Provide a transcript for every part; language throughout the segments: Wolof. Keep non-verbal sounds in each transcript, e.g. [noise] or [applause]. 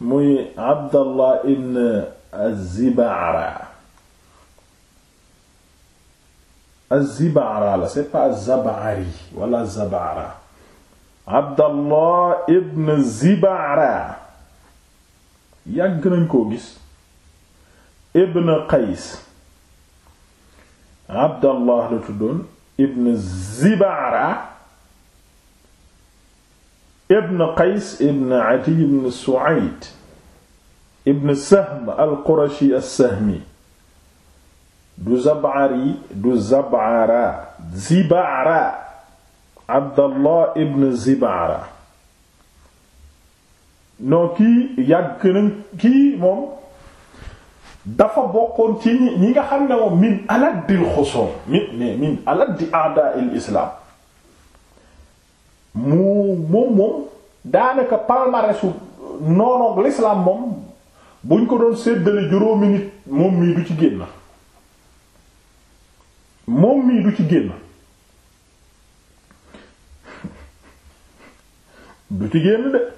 muy abdallah ibn azibara azibara la c'est pas zabari wala zabara abdallah ibn zibara yàgg nañ koo gis ibn qays abdallah la tuddoon ibn zibara ibn qays ibn ati ibn suayd ibn sahm al qurashi as sahmi du zabari du zabara zibara abdallah ibn zibara non kii yàgg nañ kii moom dafa bokkoon ci ñi ñi nga xam ne moom min aladdi al xusoom min min aladdi a'da al islam mu moom moom daanaka palmarèsu noonoog l'islam moom buñ ko doon seddale juróomi nit moom mii du ci génn moom mii du ci génn du ci génn de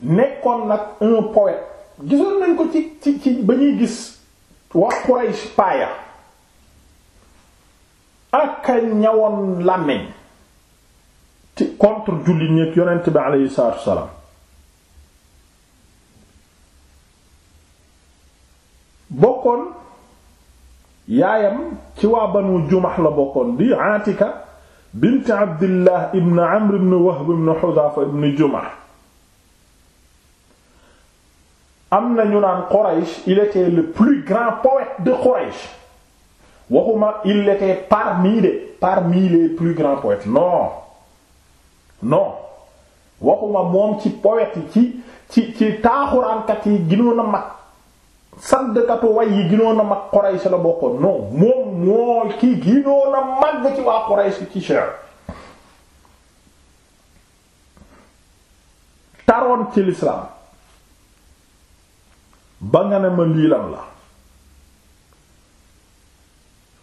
nekkoon nag un poète gisoon nañ ko ci ci ci ba ñuy gis waa Quraysh paaya ak ñawoon làmmeñ contre jullit ñépp yonent bi aleyhi salaatu wasalaam bokkoon yaayam ci waa banu jumax la bokkoon di Aatika bint Abdillah ibn Amr ibn Wahb ibn Hudhafa ibn Jumax am na ñu naan Quraysh il était le plus grand poète de Quraysh waxuma il était parmi les plus grands poètes non non waxuma moom ci poète yi ci ci ci taaxuraankat yi ginoon a mag saddkatu way yi ginoon a mag Quraysh la bokkoon non moom moo ki ginoon a mag ci waa Quraysh ci cher taroon ci lislaam ba nga ne ma liilam la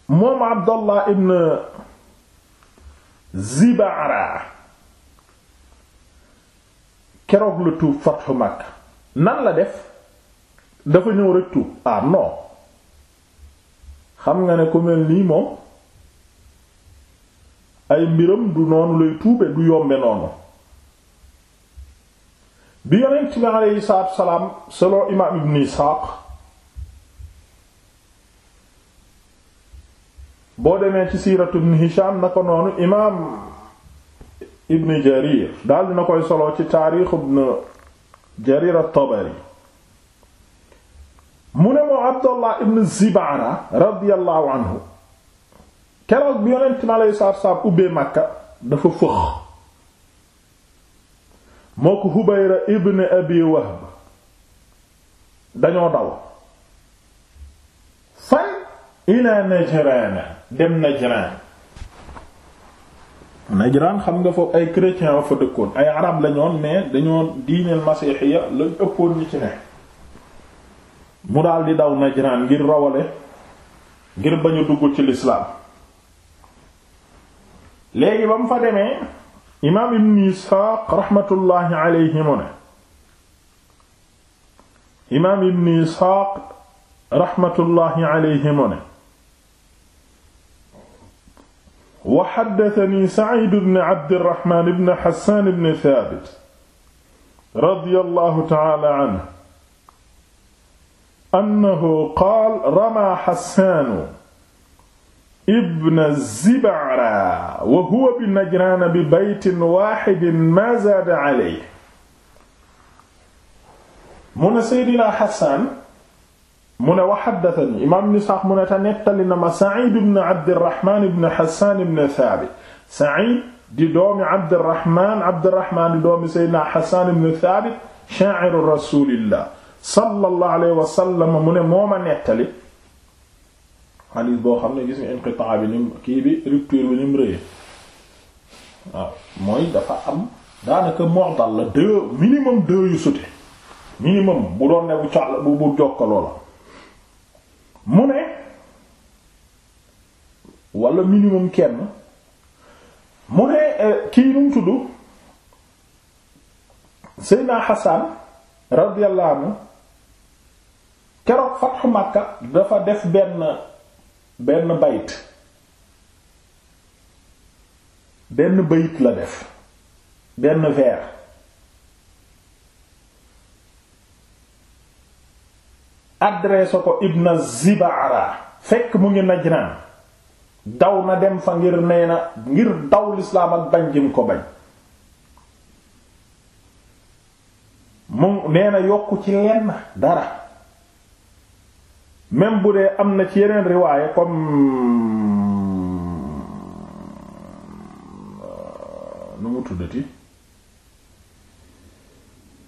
moom Abdallah ibn Zibara keroog la tuub fatxu Makka nan la def dafa ñëw rek tuub ah, xam nga ne ku mel nii moom ay mbiram du noonu lay tuube du yombe noonu bi yonent bi aleyhi salaatu wasalaam selon imaam ibn Isaaq boo demee ci siiratu ibn Hisham na ko noonu imaam ibn jarir daal dina koy solo ci taarix ibn jarir at mu ne moo abdallah ibn zibaara radiallahu anhu keroog bi yonent mi aleyhi salaatu ubbee makka dafa fëx moo ko hubayra ibn abi wahb dañoo daw fay ila najraan dem najraan Najraan xam nga foofu ay chrétiens fa dëkkoon ay arab lañoon mais dañoo diineel masiixiya lañ ëppoon ñi ci ne mu daal di daw Najraan ngir rawale ngir bañ a dugg ci lislaam léegi ba mu fa demee imaam ibn Isxaaq raxmatullaahi alayhi mu ne imaam ibn ne wa haddathanii Sa'iid ibn Abdirrahmaan ibn Hassaan ibn Thaabit radiyallahu ta'aala anhu annahu qaala ramaa Hassaan ibn Zib'ara wa huwa bi Najraan bi baytin waahidin maa zaada alayhi mu ne Seydina Hassaan mu ne wa haddathani imaam ibn Isxaaq mu ne te nettali na ma Saciid ibn Abdirahmaan ibn Hassaan ibn Saabit Saciid di doomi Abdirahmaan Abdirahmaan di doomi Seydina Hassaan ibn Saabit shaa'iru rasuulillah sallallahu alayhi wa sallam mune ne moo ma nettali xadiis boo xam ne gis nga inqitaa bi nim kii bi bi nim rëy waaw mooy dafa am daanaka mu'dal la minimum deux yu sute minimum bu doon ne bu bu jokkaloo la mu ne wala minimum kenn mu ne euh, kii nu mu tudd Seydina Hassan radiyallahu anhu keroog fatxu Makka dafa def benn benn bayit benn bayit la def benn vers adressé ko Ibn Zibara fekk mu ngi Najran daw na dem fa ngir nee ngir daw lislaam ak bañ jëm ko bañ mu nee na yokku ci lenn dara même bu dee am na ci yeneen riwaaye comme euh, nu mu tuddati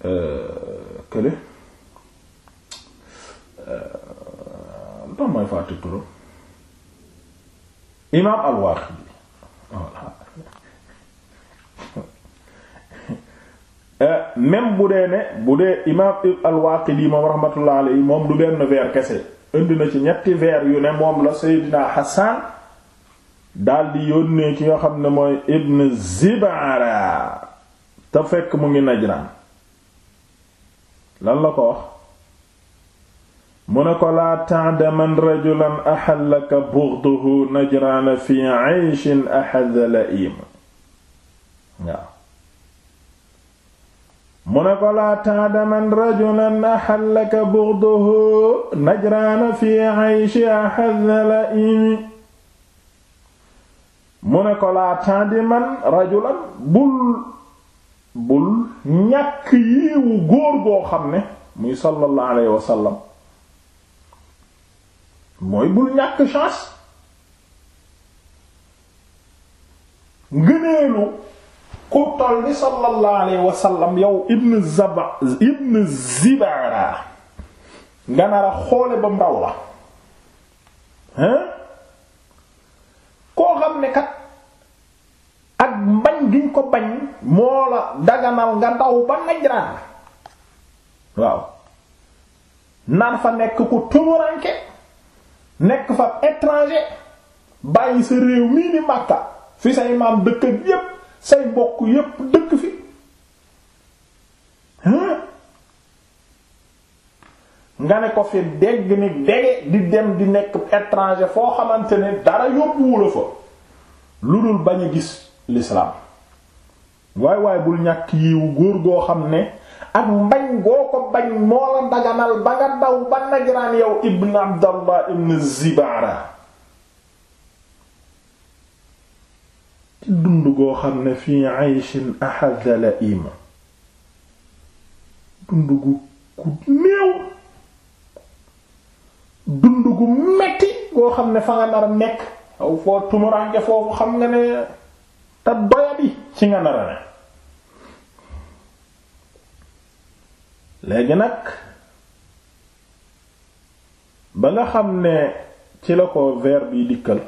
euh, kële tax mooy fàtte turam imaam al-Waaqidi voilà euh, bu dee ne bu dee imaam al-Waaqidi moom rahmatullah alayhi moom du benn vers kese indi na ci ñetti vers yu ne moom la Seydina Hassan daldi yónnee ki nga xam ne mooy Ibn Zibara te fekk mu ngi Najran lan la ko wax. mu ne ko laa ta'daman rajulan axallaka bughduhu najraana fi 'ayshin ahadha la'im waaw mu ne ko laa ta'daman rajulan rajulan bul bul ñàkk yiwu góor goo xam ne muy sallallahu alayhi wa sallam mooy bul ñàkk chance ngëneelu ku toll ni sallallahu alayhi yow ibn zaba ibn zibara nga nar xoole ba ndaw la hein koo xam ne kat ak bañ giñ ko bañ moo la daganal nga ndaw ba najraan waaw nar fa nekk ku tumuranke nekk fa étranger bàyyi sa réew mii ni Makka fi say maam dëkk ak yépp say mbokk yépp dëkk fi nga ne ko fi dégg ni dege di dem di nekk étranger foo xamante ne dara yóbbuwula fa lu dul bañ a gis l'islam waay waay bul ñàkk yiwu góor goo xam ne ak bañ goo ko bañ dund gu ku néew dund gu metti goo xam ne fa nga nar nekk aw foo tumuraange foofu xam nga ne te doyadi ci nga nar a ne léegi nag ba nga xam ne ci la ko verbe yi dikkal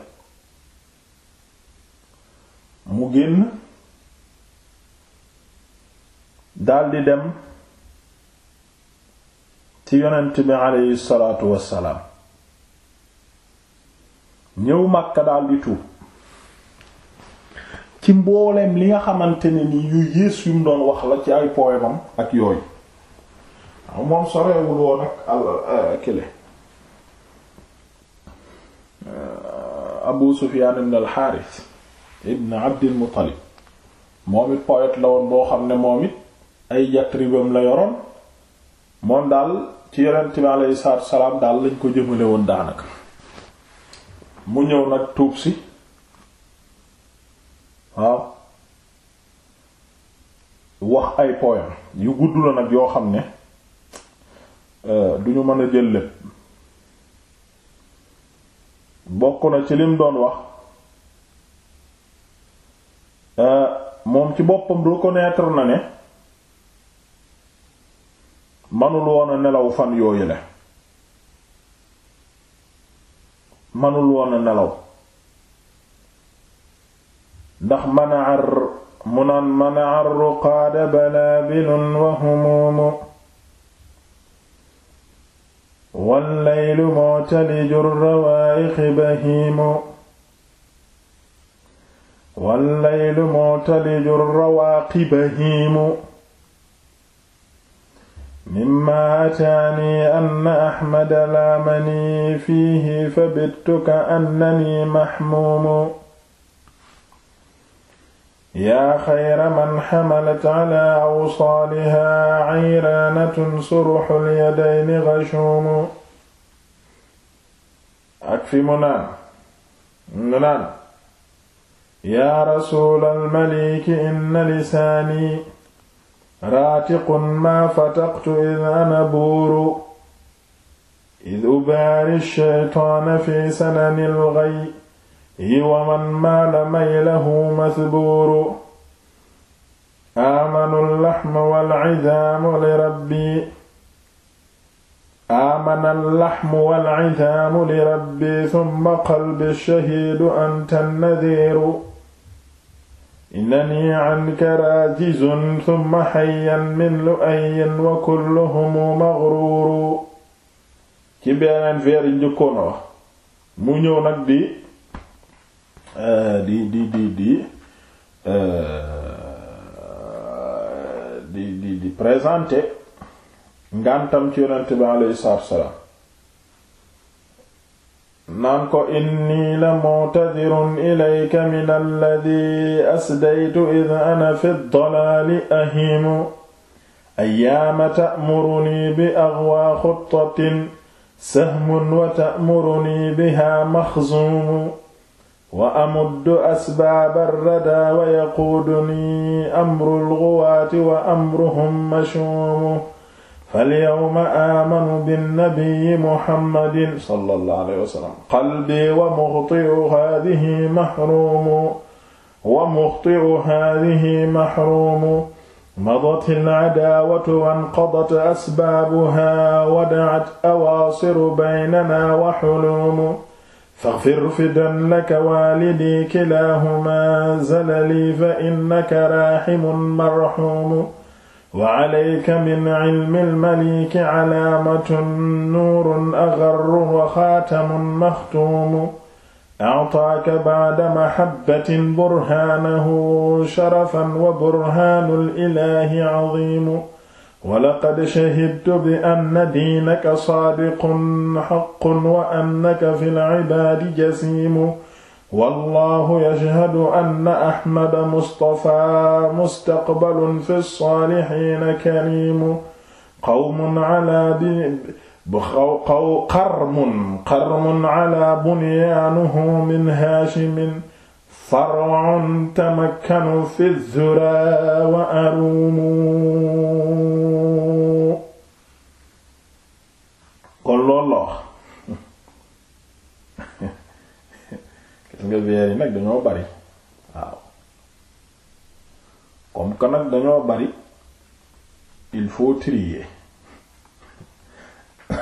mu génn daldi dem ci yonent bi aleyhi salaatu wassalaam ñëw Makka daldi tuub ci mbooleem li nga xamante ne ni yu yées yu doon wax la ci ay poemam ak yooyu moom sorewul woon ak al euh, kile euh, Abu Sufyaan ibn al ibn Abdil Muttalib moom it poète la woon boo xam ne moom it ay jatribam la yoroon moom daal ci yonent bi aleyhi salaatu salaam daal lañ ko jëmale woon daanaka mu ñëw nag tuub si waaw wax ay poème yu gudd la nag yoo xam ne Euh, du ñu mën a jël lépp bokk na ci lim doon wax euh, moom ci boppam reconnaître na ne manul woon a nelaw fan yooyu le manul woon a nelaw ndax manaar mu naan manaar ruqaada balaabilun wa humumu والليل معتلج الروائح بهيم والليل معتلج الرواق بهيم مما أتاني أن أحمد لامني فيه فبت كأنني محموم yaa xayra man xamalat ala awsaaliha cayraanatun suruxul yadayni gashuumu ak fi mu naan mu naan yaa rasuulal maliki inna lisaani raatiqun maa fataqtu id ana buuru id ubaari shaytaana fi sananil gay yi wa man maala maylahu masbuuru aamanu laxma walcidaamu li rabbi aamana laxmu walcidaamu li rabbi summa qalbi shahiidu anta nadiiru innani canka raajizun summa xayyan min lu'ayyin wa kulluhum magruuru ci beneen veer yi njëkkoona wax mu ñëw nag di Euh, di di di di euh, di di di présenter ngantam ci yonent bi alayhi salaatu wassalaam naan ko inni la mu'tadhirun ilayka min alladhi asdaytu idh ana fi ad-dalaali ahimu ayyaama ta'muruni bi aghwa khuttatin sahmun wa ta'muruni biha makhzumu wa amuddu asbaaba rradaa wa yaquuduni amru lguwaati wa amruhum mashuumu falyawma aamanu binnabiyyi muhammadin sallallahu alayhi wa sallam qalbii wa muxti'u haadihi mahruumu wa muxti'u haadihi mahruumu madat alcadaawatu wanqadat asbaabuhaa wa dacat awaasiru baynana wa xuluumu faxfir fidan laka waalidi kilaahumaa zalali fa innaka raaximun marxuumu wa alayka min cilmil maliki calaamatun nuurun axarru wa xaatamun maxtuumu actaaka bacda maxabbatin burhaanahu sharafan wa burhaanul ilaahi caziimu walaqad shahidtu bi anna diinaka saadiqun xaqqun wa annaka fil cibaadi jasiimu wallaahu yashhadu anna ahmada mustafaa mustaqbalun fi saalihiina kariimu qawmun calaa qarmun qarmun calaa bunyaanihi min haashimin far'un tamakkanu fi dhura wa arumu kon loolu la wax nga veer yi nag dañoo bari waaw comme que nag dañoo bari il faut trier [coughs]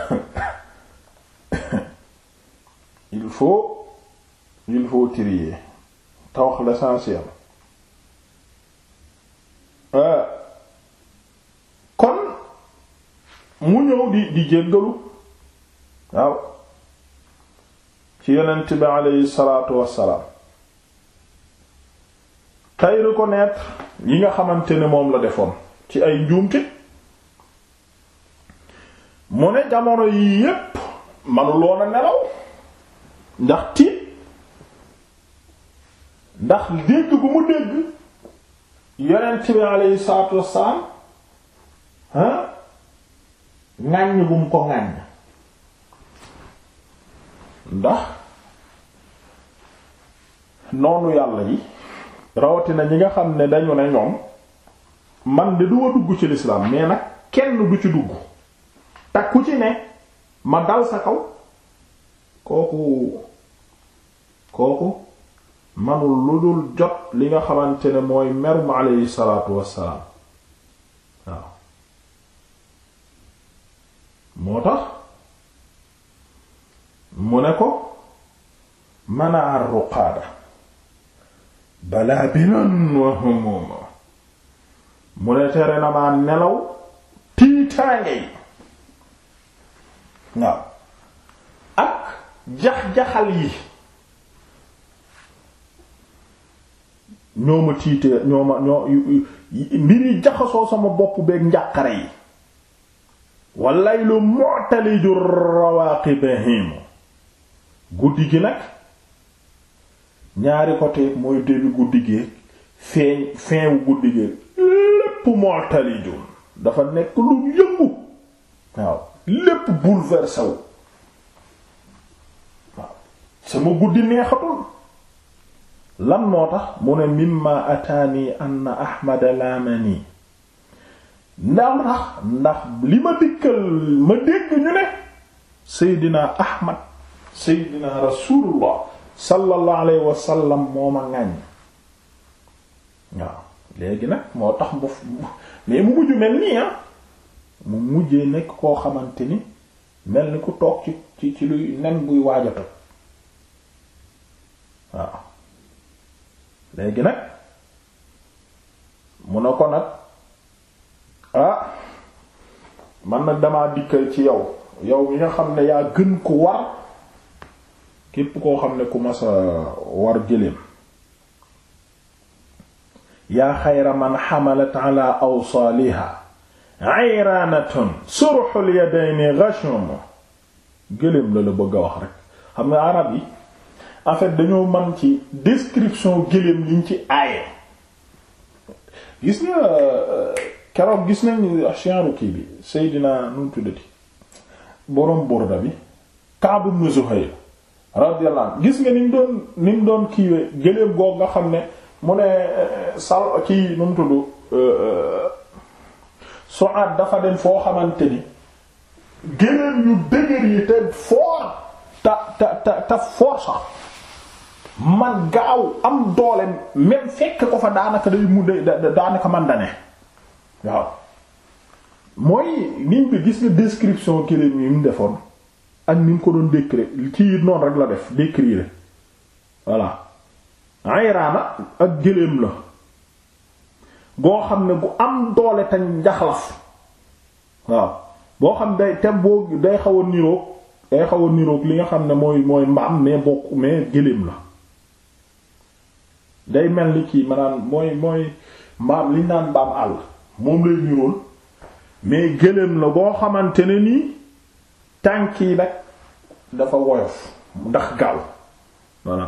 il faut il faut trier te wax l'essentiel euh, kon mu ñëw di di jéggalu waaw ci yonent bi aleyhi salaatu wassalaam tey reconnaître yi nga xamante ne moom la defoon ci ay njuumte mu ne jamono yii yépp manuloon a nelaw ndax tiit ndax dégg gu mu dégg yonent bi alayhi salaatu wassalaam bu mu ko ŋàññ ndax noonu yàlla yi rawatina ñi nga xam ne dañu ne ñoom man de duma dugg ci lislaam mais nag kenn du ci dugg te ci ne ma dal sa kaw kooku kooku manul lu dul jot li nga xamante ne mooy merum aleyhi salaatu wassalaam waaw moo tax mu ne ko manaa ruqaada balaa binan wa humuma mu ne tere na maa nelaw tiitaange yi waaw ak jax-jaxal yi ñoo ma tiitee ñoo ma ñoo mbir yi jaxasoo sama bopp beeg njàqare yi wallay lu mu'taliju rawaaqi bahim guddi gi nag ñaari côté mooy début guddi gi feeñ fin guddi gi lépp mu'taliju dafa nekk lu yëngu waaw lépp bouleversé wu waaw sama guddi neexatul lan moo tax mu ne mimma ataani anna ahmad laamani ndax ndax li ma dikkal ma dégg ñu ne seydina ahmad seydina rasulullah sallallahu alayhi wa sallam moo waaw léegi nag moo tax mu mais mu mujj mel nii ah mu mujjee nekk koo xamante ni mel ni ku toog ci ci luy nen buy waajata waaw léegi nag mu ne ko nag ah man nag damaa dikkal ci yow yow mi nga xam ne yaa gën ku war képp koo xam ne ku masa war gëléem yaa xayra man xamalat ala awsaaliha ayranatun surxul yadayni ghashum gëléem la la bëgg a wax rek xam nga arab yi en fait dañoo man ci description gëléem liñ ci aaye gis nga euh, keroog gis nañu ah, chienru kii bi Seydina nu tuddati borom Burda bi Ka'b ibn Zuhayr radiyallahu anhu gis nga ni doon ni mu doon kiiwee gëléem goog nga xam ne mu ne euh, sal ci nu mu tudd euh, dafa dem foo xamante ni gëléem yu dëgër yi te fort ta ta ta ta sax man gaaw am doole même fekk ko fa daanaka day mu daanaka man da ne waaw mooy niñ ko gis nga description kële mi mu defoon ak ni mu ko doon décrire ci it noonu rek la def décrire voilà ayraana ak gëléem la boo xam ne bu am doole te njaxlaf waaw boo xam day te boo day xaw a niroog day xaw a niroog li nga xam ne mooy mooy mbaam mais bokk mais gëléem la day mel ni kii maanaam mooy mooy mbaam liñ naan mbaam àll moom lay niroon mais gëléem la boo xamante ne nii tànk yi nag dafa woyof ndax gaaw voilà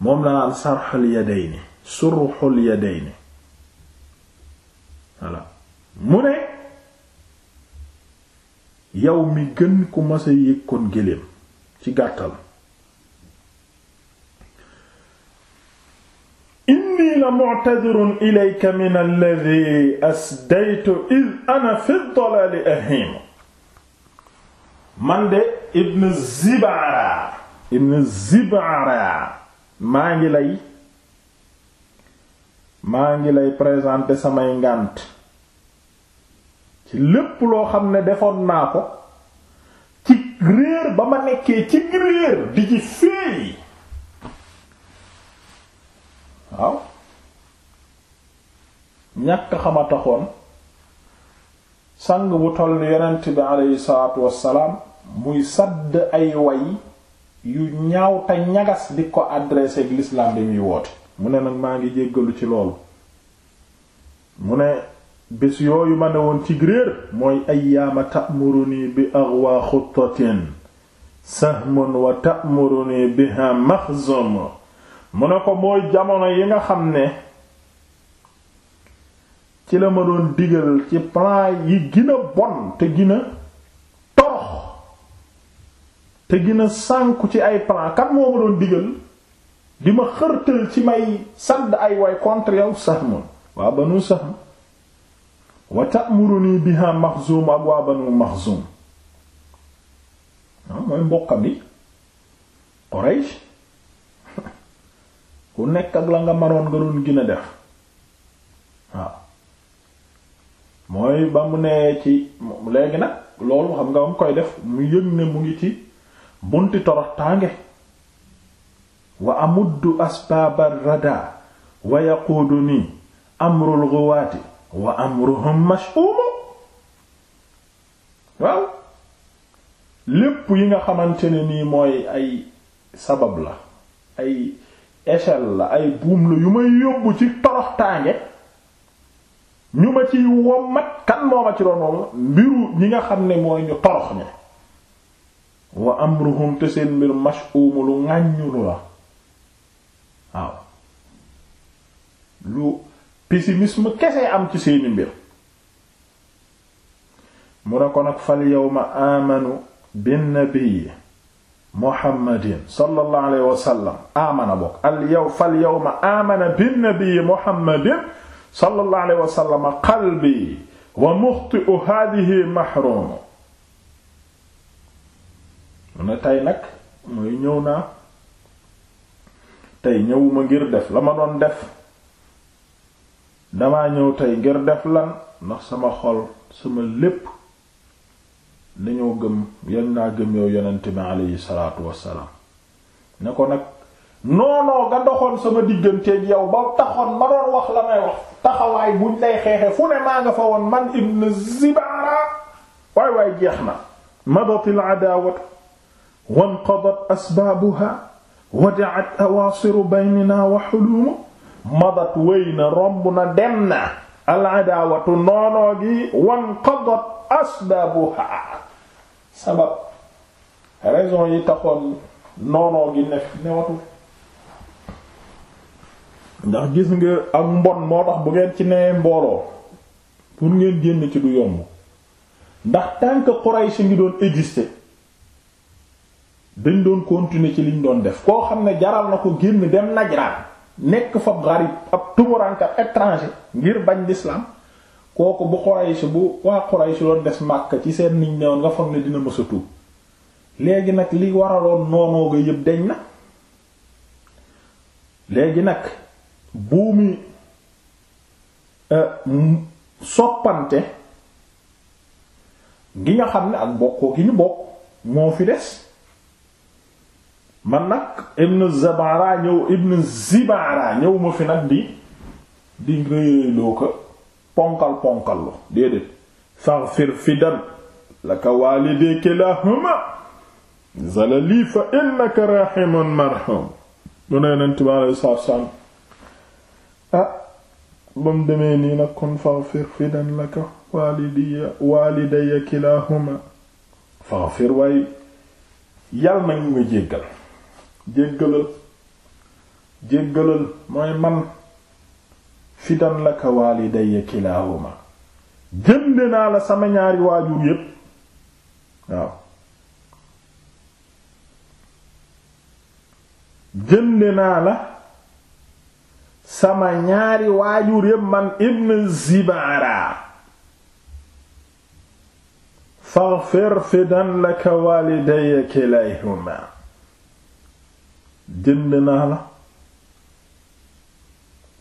moom la naan sarxul yadayni surxul yadayni voilà mu ne yow mi gën ku masa yëg kon gëléem ci gàttal inni la mu'tadhirun ilayka min alladhi man de ibn zibara maa ngi lay maa ngi lay présenter samay ngànt ci lépp loo xam ne defoon naa ko ci réer ba ma nekkee ci réer di ci fii waaw ñàkk xama sang bu toll yonent bi aleyhi wassalaam muy sadd ay way yu ñaaw te ñagas di ko adressé ak l'islam bi muy woote mu ne nag maa ngi jéggalu ci loolu mu ne bés yooyu ma ne woon ci réer mooy ayyaama ta'muruni bi aghwa xuttatin sahmun wa ta'muruni biha maxzum mu ne ko mooy jamono yi nga xam ne ci la ma doon digal ci plan yi gën bon te gina a torox te gën sànku ci ay plan kat moo ma doon digal di ma xërtal ci may sadd ay way contre yow Sahm waa Banu Sahm wa ta'muruni biha Maxzum ak waa Banu Maxzum ah, mooy mbokkam bi Quraysh ku nekk ak la nga manoon nga doon gën a def waaw mooy ba mu nee ci léegi nag loolu xam nga am koy def mu yëg ne mu ngi ci bunti torox tànge wa amuddu asbaabar rada wa yaquduni amrul ghuwati wa amruhum mash'um waaw lépp yi nga xamante ne nii mooy ay sabab la ay échelle la ay buum la yu may yóbbu ci toroxtaange ñu ma ciy wommat kan moo ma ci doon wommat mbiru ñi nga xam ne mooy ñu torox ne wa amruhum te seen mbir mash'um lu ŋàññulu la waaw lu pessimisme kese am ci seeni mbir mu ne ko nag fal yawma amanu bin nabiyyi muhammadin sallallahu alayhi wa sallam amana bokk al yow fal yawma amana bi nabi muhammadin sallallahu alayhi wa sallam qalbi wa muxti'u hadhihi mahrum mu ne tey nag mooy ñëw naa tey ñëwuma ngir def la ma doon def damaa ñëw tey ngir def lan ndax sama xol sama lépp dañoo gëm yan naa gëm yow yonent aleyhi salaatu wassalaam ne ko nag noonoo nga doxoon sama digganteeg yow ba taxoon ma doon wax la may wax taxawaay buñ lay xeexe fu ne fa woon man ibn Zibara waay waay jeex na madatil adaawatu wanqadat asbaabuha wadaat awaasiru baynina wa xuluuma madat wéy na romb al adaawatu noonoo gi wanqadat asbaabuha sabab raison yi taxoon noonoo gi ne ne newatul ndax gis nga ak mbon moo tax bu ngeen ci nee mbooloo pour ngeen génn ci du yomb ndax tant que Quraysh ngi doon exister dañ doon continuer ci liñ doon def koo xam ne jaral na ko génn dem Najraan nekk fa ak ab tumuranka étranger ngir bañ l'islam kooku bu Quraysh bu waa Quraysh doon des Makka ci seen niñ newoon nga foog ne dina mësa tuub léegi nag li waraloon noonoo ga yëpp deñ na léegi nag buumi euh, soppante gi nga xam ne ak bokkoo gi ñu bokk moo fi des man nag ibn zabara ñëw ibn zibara ñëw fi nag di di réyloo ko ponkal ponkal lu déedéet faghfir fidan laka waalidee kilahuma zalali fa innaka rahimun marhum mu ne nent bi alei saatu salaam ah ba mu demee nii nag kon faghfir fidan laka waalidiya waalidaya kilahuma faghfir waaye yàlla na nga jéggal jéggalal jéggalal mooy man fidan laka naa la sama ñaari waajur yépp naa la sama ñaari waajur yépp man ibn Zibara faghfir fidan laka waalidayya kilaahuma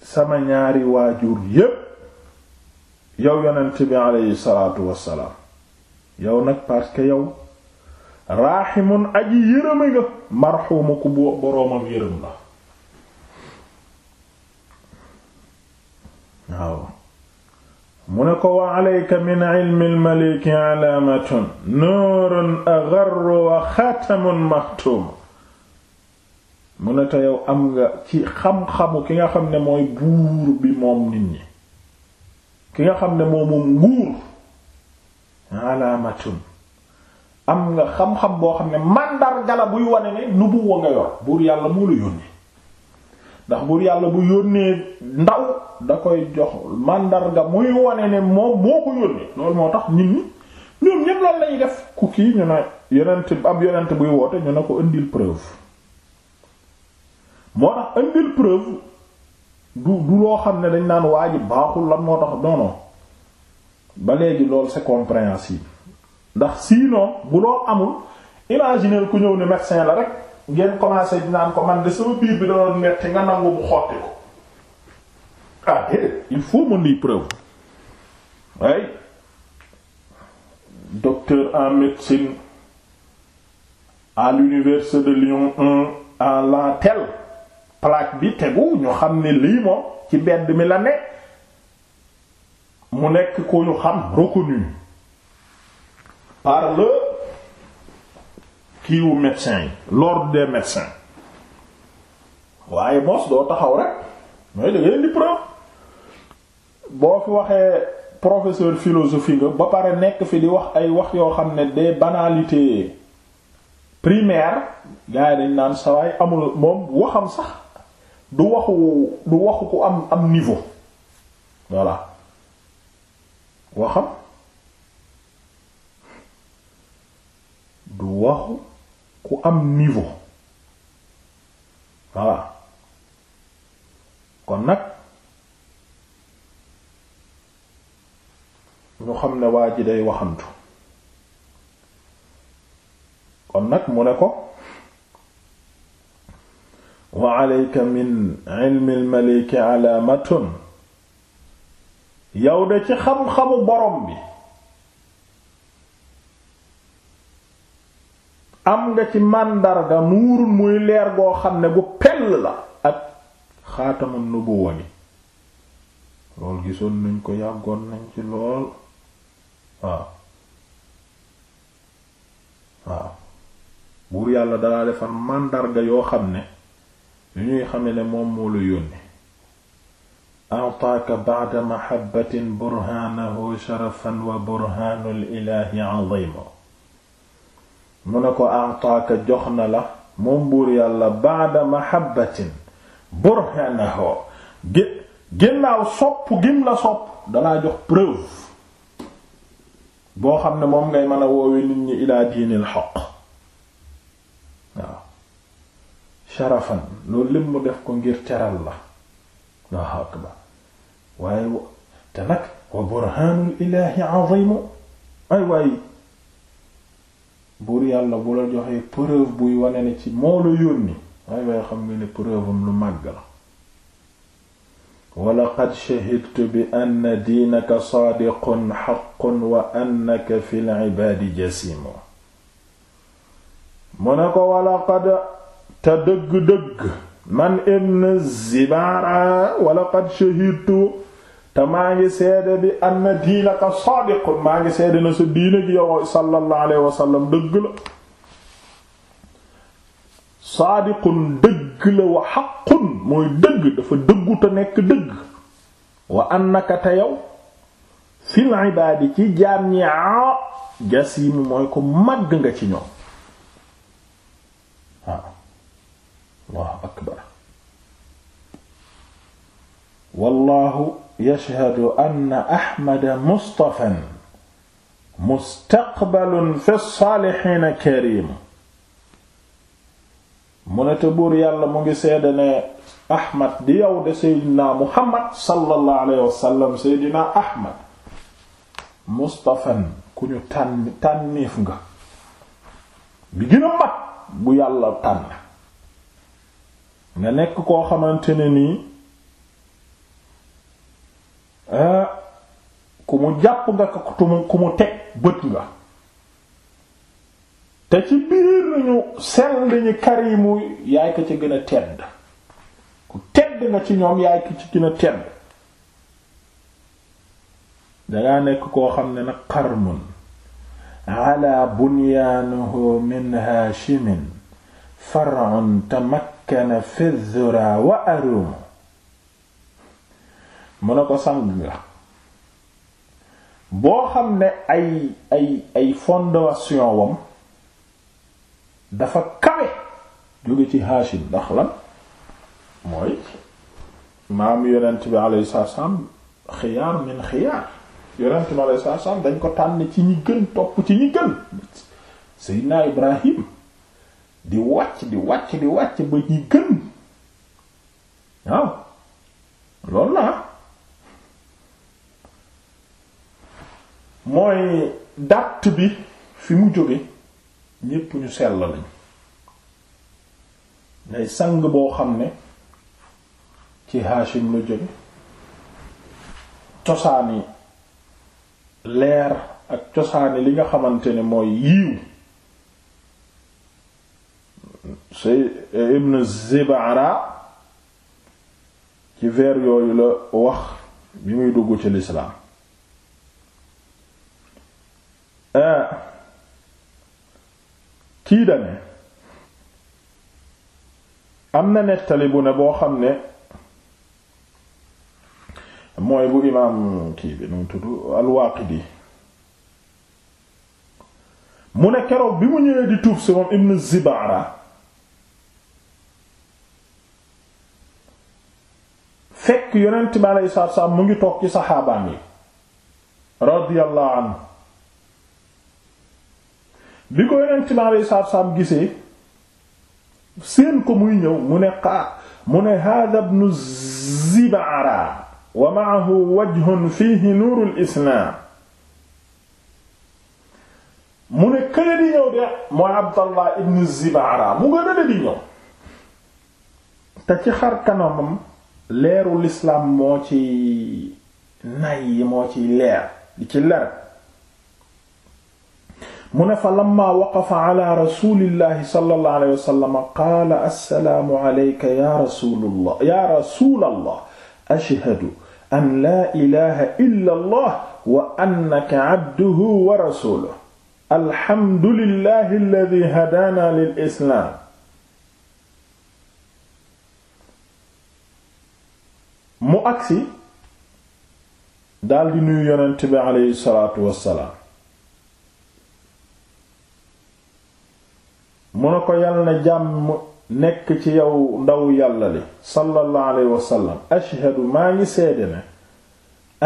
sama ñaari waajur yépp yow yonent bi aleyhi salaatu wassalaam yow nag parce que yow raaximun aji yërëme nga marxuuma ku boroomam yërëm la waaw mu ne ko wa aleyka min ilmi almaliki alaamatun nuurun agarru wa xaatamun maxtuum mu a te yow am nga ci xam-xamu ki nga xam ne mooy buur bi moom nit ñi ki nga xam ne moom moom nguur alaamatun am nga xam-xam boo xam ne màndarga la buy wone ne nubuwa nga yor buur yàlla moo la yónnee ndax buur yàlla bu yónnee ndaw da koy jox màndarga muy wane ne moom moo ko yónnee loolu moo tax nit ñi ñoom ñépp loolu lañuy def ku kii ñu ne yonent ab yonent buy woote ñu ne ko indil preuve moo tax indil preuve du du loo xam ne dañ naan waa baaxul lan moo tax non ba léegi loolu c'est compréhensible ndax sinon bu loolu amul imaginer ku ñëw ne médecin la rek ngeen commencé di naan ko man de sama biir bi da doon metti nga nangu bu xotti ko ah il faut mën di preuve ay docteur en médecine à l'université de Lyon 1 à l'an plaque bi tegu ñu xam ne lii moom ci bedd mi la nekk mu nekk ko ñu xam reconnu par le kiiwu médecin yi l'ordre des médecins waaye mos doo taxaw rek mooy da ngay di preuve waxee professeur philosophie ba pare nekk fi di wax ay wax yoo xam ne des banalités primaires gars dañ naan sawaay amul moom waxam sax du waxu du waxu ku am am niveau voilà waxam du waxu ku am niveau voilà kon nag ñu xam ne waa ji day waxantu kon nag mu ne ko wa alayka min ilmi almaliki alaamatun yow de xam-xamu borom bi am nga ci màndarga nuurul muy leer goo xam ne bu pell la ak xaatamu nubuwa gi lool gisoon nañ ko yàggoon nañ ci lool waaw waaw buur yàlla dalaa defar màndarga yoo xam ne yu ñuy xame ne moom moo la yónni ataaka ba'da mahabbatin burhaanahu sharafan wa burhaanul ilaahi azima mu ne ko ataaka jox na la moom buur yàlla ba'da mahabbatin burhaanahu ginnaaw sopp gim la sopp dalaa jox preuve boo xam ne moom ngay mën a woowe nit ñi ilaa diinil xaq sharafan loolu lépp mu def ko ngir teral la Allahu akbar waaye te nag wa burhaanul ilaahi azimu ay waaye buur yàlla bu la joxee preuve buy wane moo la yónni waaye waaye xam preuve lu màgg wala wa laqad shahidtu bi anna diinaka saadiqun haqqun wa annaka fil ibaadi te dëgg-dëgg man ibn Zibaara wa laqad shahidtu te maa ngi seede bi anna diinaka saadiqun maa ngi seede na sa diina gi yow sallallahu alayhi wa dëgg la saadiqun dëgg la wa xaqun mooy dëgg dafa dëggu nekk dëgg wa annaka te yow fil ibaadi ci jaam ñi jasiimu mooy ko màgg nga ci ñoom allahu akbar wallahu yashhadu anna ahmada mustafan mustaqbalun fi saalihiina kariim mu ne te buur yàlla mu ngi seede ne ahmad di yow de seydina muhammad sallallahu alayhi wasallam seydina ahmad mustafan ku ñu tànn tànniif nga bi gën a mat bu yàlla tànn nga nekk koo xamante ne nii ah, ku mu jàpp nga ko ku mu teg bët nga te ci biir nañu sell ñu karimu yaay ko ci gën a tedd ku tedd nga ci ñoom yaay ko ci gën a tedd dangaa nekk koo xam ne nag qarmun ala bunyaanuhu min haashimin far'un tamak makkana fi dhura wa arum mu ne ko sang nga boo xam ne ay ay ay fondation wam dafa kawe jóge ci Haashim ndax la mooy maam yonent bi alayhi salaam xiyaar min xiyaar yonent bi alayhi salaam dañ ko tànn ci ñi gën topp ci ñi gën Seydina Ibrahim di wàcc di wàcc di wàcc ba ñi gën waaw loolu la mooy dàtt bi fi mu jóge ñépp ñu sell lañ ngay sang boo xam ne ci Hashim la jóge cosaani leer ak cosaani li nga xamante ne mooy yiiw say eh, ibn Zibara ci vers yooyu la wax bi muy dugg ci lislaam eh, kii dane am na nettali bu ne boo xam ne mooy bu imaam kii bi nu tudd al mu ne keroog bi mu ñëwee di tuub si moom ibn Zibara fekk yonent bi aleyhi salaatu salaam mu ngi toog ci saxaabaam yi radiyallahu anhu bi ko yonent bi aleyhi salaatu seen ko mu ne xaa mu ne hada ibnu Zib'ara wa ma'ahu wajhun fiihi nuurul islaam mu ne kële di ñëw de mooy Abdallah ibnu Zib'ara mu nga di ñëw te ci xar kanamam leeru lislaam moo ci nay moo ci leer di ci leer mu ne fa lamma waqafa ala rasulillahi sallallahu alayhi wa sallam qaala assalaamu alayka ya rasulallah ya rasulallah ashhadu an laa ilaha illa allah wa annaka abduhu wa rasuluhu alhamdulillahi alladhi hadana lil islam agsi daldi nuyu yonent mu ne ko yal na jàmm nekk ci yow ndaw yàlla li sallallahu alayhi wasallam ashhadu maa ngi seede ne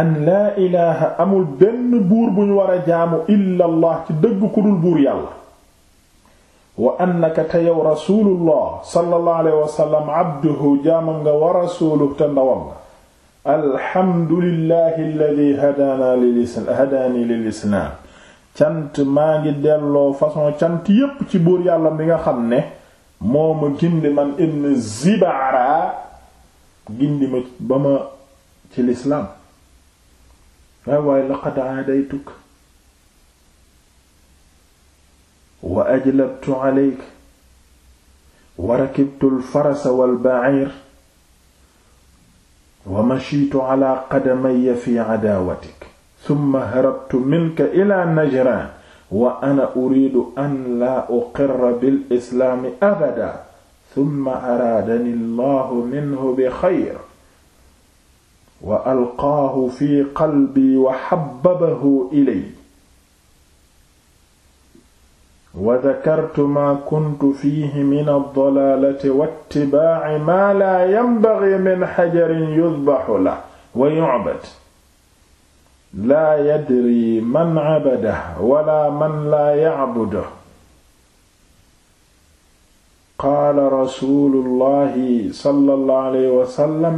an laa ilaaha amul benn buur bu ñu war a jaamu illa allah ci dëgg ku dul buur yàlla wa annaka te yow rasuulullah sallallahu alayhi wasallam abduhu jaamam nga wa rasuuluhu te ndawam nga alhamdulillahi alladi hadaani lil islaam cant maa ngi delloo façon cant yépp ci buur yàlla mi nga xam ne mooma gindi man ibn zibaara gindi ma ba ma ci lislaam waay waaye laqad aadaytuk wa ajlabtu aleyk wa rakibtu alfarasa walbair wa machitu ala qadamaya fi cadaawatik summa harabtu minka ila najran wa ana uridu an laa uqirra bilislaami abada summa araadani allahu minhu bi xayr wa alqaahu fi qalbi wa xabbabahu ilay wa dakartu maa kuntu fiihi min ad-dalaalati wa ittibaa'i maa laa yanbaghii min hajarin yudbahu lahu wa yu'bad laa yadrii man abadahu wala man laa ya'buduhu qaala rasuulullahi sallallahu alayhi wa sallam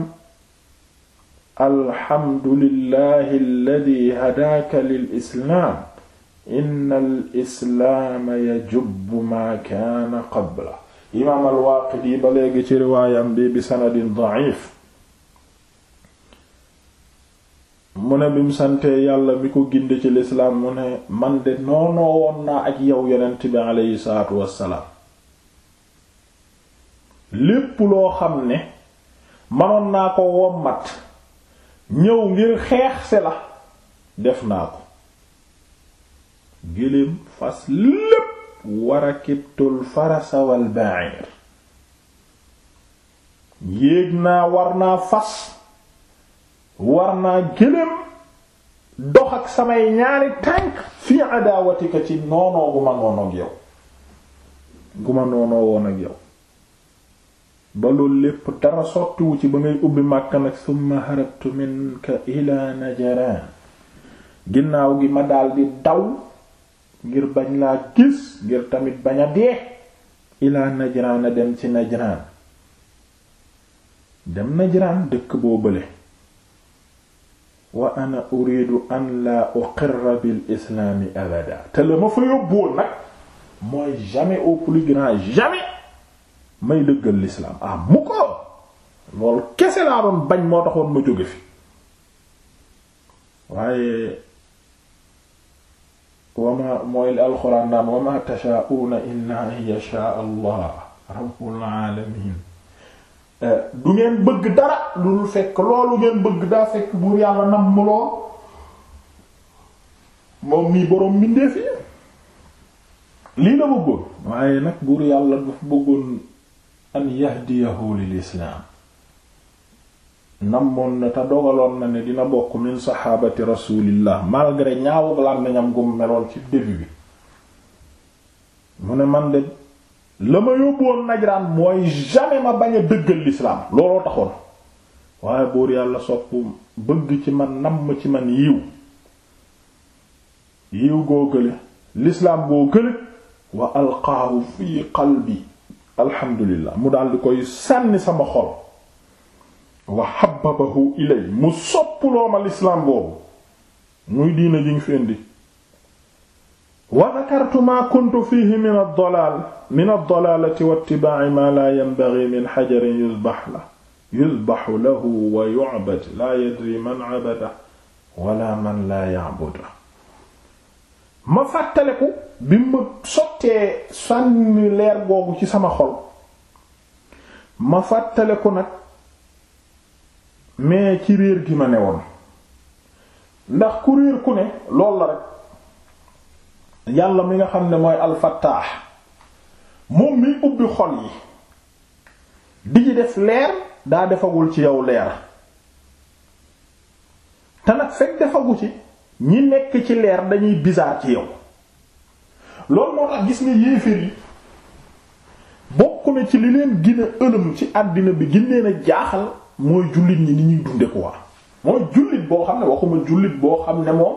alhamdulillahi alladhii hadaaka lil islaam inna al islaama yajubbu maa kaana qabla imaam al waaqidi ba léegi ci riwaayam bi bi sanadin da'if mu ne bim santee yàlla mi ko ginde ci lislaam mu ne man de noonoo woon naa ak yow yonent bi aleyhi salaatu wassalaam lépp loo xam ne manoon naa ko wommat ñëw ngir xeex si la def naa ko gëléem fas lépp warakibtul farasa wal ba'ir yéeg naa war naa fas war naa gëléem dox ak samay ñaari tànk fii adaawatika ci noonoo gu ma noonoo yow gu ma noonoo woon ak yow ba lépp dara sottiwu ci ba ngay ubbi Makka nag summa harabtu minka ila Najran ginnaaw gi ma daldi daw ngir bañ laa gis ngir tamit bañ a dee ilaa Najraan a dem ci Najraan dem Najraan dëkk boo bële wa ana uridu an la uqirra bil islaami abada te la ma fa yóbbuwoon nag mooy jamais au plus grand jamais may dëggal l'islam ah mu ko loolu kese laa doon bañ moo taxoon ma jóge fi waaye wama mooy alxuraan naan wama tashaa'uuna illaa an yashaa allah rabbul alamin eh, du ngeen bëgg dara lu fekk loolu ngeen bëgg daa fekk buur yàlla nam mu lool moom mii boroom mbindeef yi lii la bëggoon waaye nag buur yàlla dafa bëggoon an yahdiyahu lil islaam namoon na te dogaloon na ne dina bokk min saxaabati rasulillah malgré ñaawug làmmiñam gum meloon ci début bi mu ne man de la ma yóbbuwoon Najraan mooy jamais ma bañ a dëggal looloo taxoon waaye buur yàlla sopp bëgg ci man namm ci man yiw yiw goo gële l'islam goo gële wa alqaahu fi qalbi alhamdulillah mu daal di koy sànni sama xol wa habbabahu ilay mu soppuloo ma lislaam boobu muy diina ji nga fi indi wa dakartu maa kuntu fiihi min ad-dalaal min ad-dalaalati wa ittibaa'i maa laa yanbaghii min hajarin yuzbahu lahu yuzbahu lahu wa yu'bad laa yadrii man 'abadahu wala man laa ya'buduhu ma fàttaliku bi ma sottee sànni leer googu ci sama xol ma fàttaliku nag mais ci réer gi ma ne woon ndax ku réer ku ne lool la rek yàlla mi nga xam ne mooy alfattaax moom mi ubbi xol yi di ci def leer daa defagul ci yow leer te nag fekk defagu ci ñi nekk ci leer dañuy bizarre ci yow loolu moo tax gis nga yéeféer yi bokk na ci li leen gën a ci àddina bi gën leen a jaaxal mooy jullit ñi ni ñuy dunde quoi mooy jullit boo xam ne waxuma jullit boo xam ne moom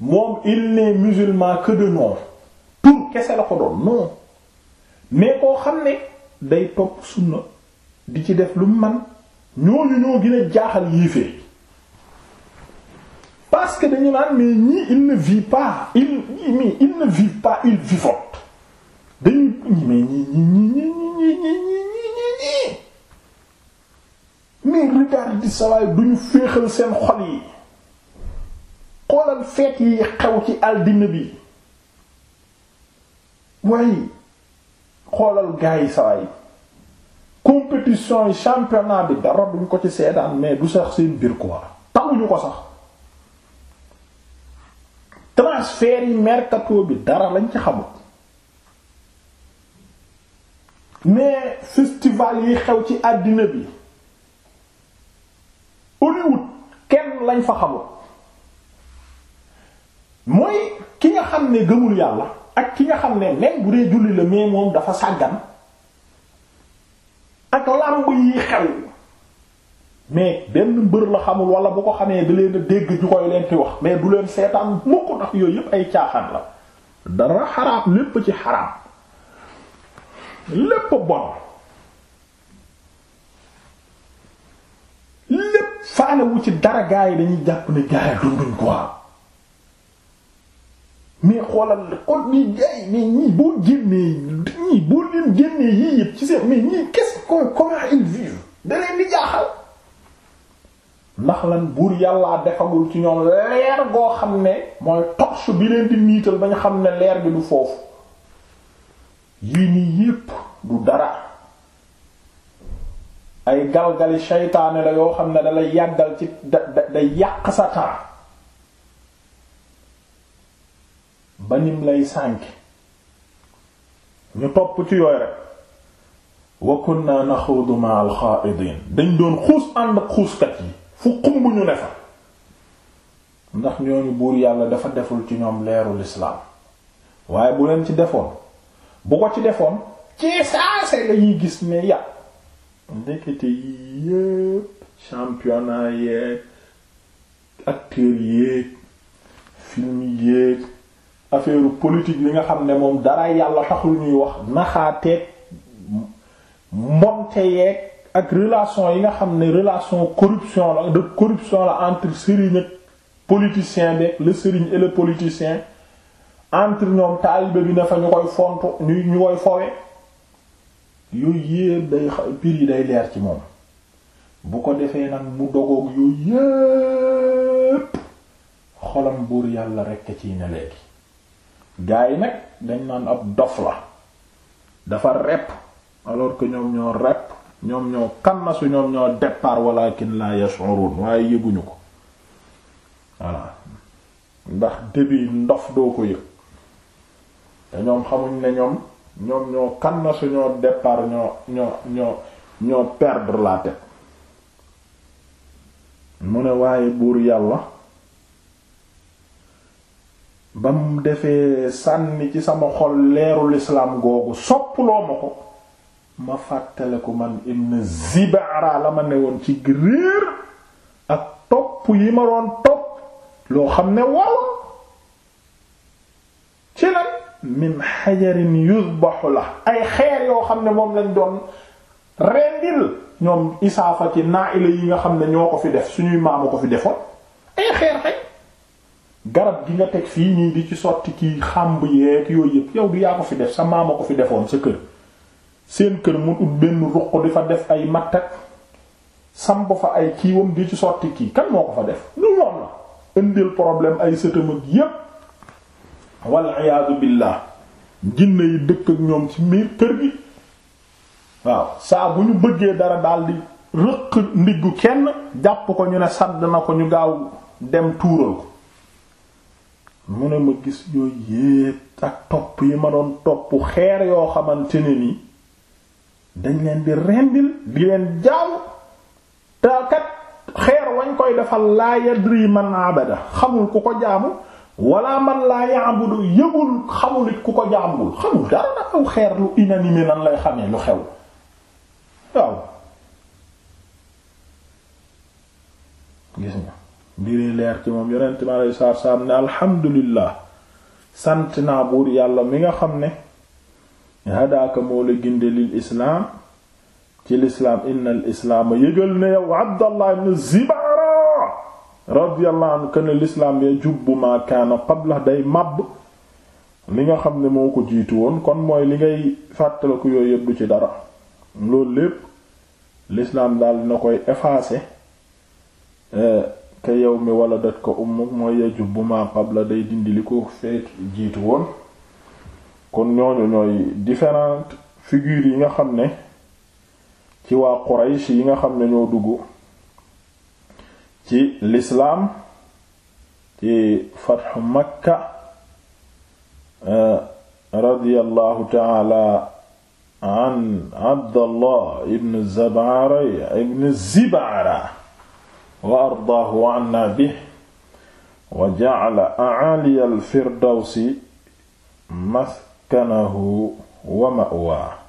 moom il n'est musulman que de tur kese la ko doon non mais koo xam ne day topp sunna di ci def lu man ñooñu ñoo gën a jaaxal yéefee parce que dañu naan mais ñii il ne vit pas il il ne vit pas il vivote dañuy mais ñii ñii ñii ñii ñii mais regarde sawaay duñu féexal seen xol yi xoolal feet yi xew ci àddina bi waaye xoolal gaa yi sawaay compétition yi championnat bi dara duñ ko ci seetaan mais du sax seen biir quoi taxuñu ko sax transfert yi mercato bi dara lañ ci xamul mais festival yi xew ci àddina bi Hollywood kenn lañ fa xamul mooy ki nga xam ne gëmul yàlla ak ki nga xam ne même bu dee julli la mais moom dafa sàggan ak làmb yi xew mais benn mbër la xamul wala bu ko xamee da leen a dégg ñu koy leen wax mais du leen seetaan mukk ndax yooyu yëpp ay caaxaan la dara xaraam lépp ci xaraam lépp bon faale wu ci dara gaa yi dañuy jàpp ne gaa yi dunduñ quoi mais xoolal kon boo génnee ñii boo leen génnee yii yëpp ci seen mais ñii qu'est-ce comment ils vivent da leen ndax lan buur yàlla defagul ci ñoom leer goo xam ne mooy torche bi leen di niital ba xam ne leer bi du foofu yii nii yëpp du dara. ay galgali seytaane la yoo xam ne dalay yàggal ci da da yàq sa temps ba nim lay sànk ñu topp ci yooy rek wa kunna naxuudu ma dañ doon xuus ànd ak xuuskat yi fu xumb ñu ne fa ndax ñooñu buur yàlla dafa deful ci ñoom leeru lislaam waaye bu leen ci defoon bu ko ci defoon ci saase lañuy gis ne yàq ndekete yi yépp championnat yeeg acteurs yéeg film yéeg affaire politique li nga xam ne moom dara yàlla taxul ñuy wax naxaateeg mbonte yeeg ak relation yi nga xam ne relation corruption la de corruption la entre sëriñ ak politicien beeg le sëriñ et le politicien entre ñoom taalibe bi na fa ñu koy fontu ñu ñu koy fowe yooyu yépp day pir yi day leer ci moom bu ko defee nag mu dogoog yooyu yépp xolam buur yàlla rekk ci ne léegi gaa yi nag dañ naan ab dof la dafa rep alors que ñoom ñoo rep ñoom ñoo kannasu ñoom ñoo départ walakin la yash'urun waaye yëguñu ko voilà ndax début ndof doo ko yëg te ñoom xamuñ ne ñoom ñoom ñoo kan na suñoo départ ñoo ñoo ñoo perdre la tête mu ne waaye buur yàlla ba mu defee sànni ci sama xol leeru lislaam googu soppuloo ma ko ma fàttale fàttaliku man ibn Zibara la ma ne woon ci réer ak topp yi ma doon topp loo xam ne waaw min xajarin yuzbahu la ay xeer yoo xam ne moom lañ doon rendil ñoom naa naa'ila yi nga xam ne ñoo ko fi def suñuy maamu ko fi defoon ay xeer xëy garab gi nga teg fii nii di ci sotti kii xàmb yeeg yooyu yëpp yow du yaa ko fi def sa maama ko fi defoon sa kër seen kër mu ut benn ruq di fa def ay mattak samp fa ay kiiwam di ci sotti kii kan moo ko fa def lu moom la indil problème ay sëtam ak yépp wal iyaadu billah jinne yi dëkk ak ñoom ci biir kër gi waaw saa bu ñu bëggee dara daldi rëq ndiggu kenn jàpp ko ñu ne sàdd na ko ñu gaaw dem tuural ko mu ne ma gis yooyu yépp ak topp yi ma doon topp xeer yoo xamante ne ni dañ leen di rendil di leen jaaw taakat xeer wañ koy defal laa yadri man abada xamul ku ko jaamu wala man laa yaabudu yëgul xamul it ku ko jaambul xamul dara na aw xeer lu inanimé nan lay xamee lu xew waaw gis nga mbiri leer ci moom yonent mi alei saatu salaam ne alhamdulillah sant naa buur yàlla mi nga xam ne hadaaka moo la ginde lil islaam ci lislaam in al yëgal ne yow abdallah ibn ziba radiyallahu anhu kana l'islam ya jubbu ma kaana qabla day màbb li nga xam ne moo ko jiitu woon kon mooy li ngay fàttaliku yooyu yëpp du ci dara loolu lépp l'islam daal na koy effacer euh, ka yow mi wala dat ko ummuk mooy ya jubbu ma qabla day dindi li ko feet jiitu woon kon ñooñu ñooy différentes figures yi nga xam ne ci waa Quraysh yi nga xam ne ñoo dugg ci lislaam ci fatxu makka eh, radiyallahu taala an abdallah ibn zabara ibn zibara wa ardaahu anna bihi wa ja'ala a'ali al-firdawsi maskanahu wa ma'waahu